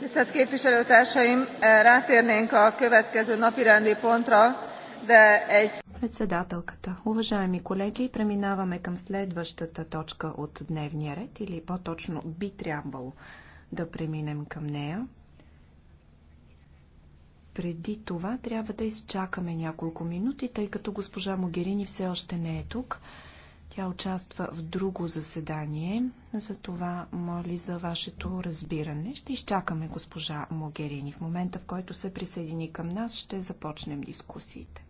Tisztelt képviselőtársaim, eh, rátérnénk a következő napirendi pontra, de egy... Председателката. Уважаеми колеги, преминаваме към следващата точка от дневния ред или по-точно би трябвало да преминем към нея. Преди това трябва да изчакаме няколко минути, тъй като госпожа Могерини все още не е тук. Тя участва в друго заседание, за това моли за вашето разбиране. Ще изчакаме госпожа Могерини. В момента, в който се присъедини към нас, ще започнем дискусиите.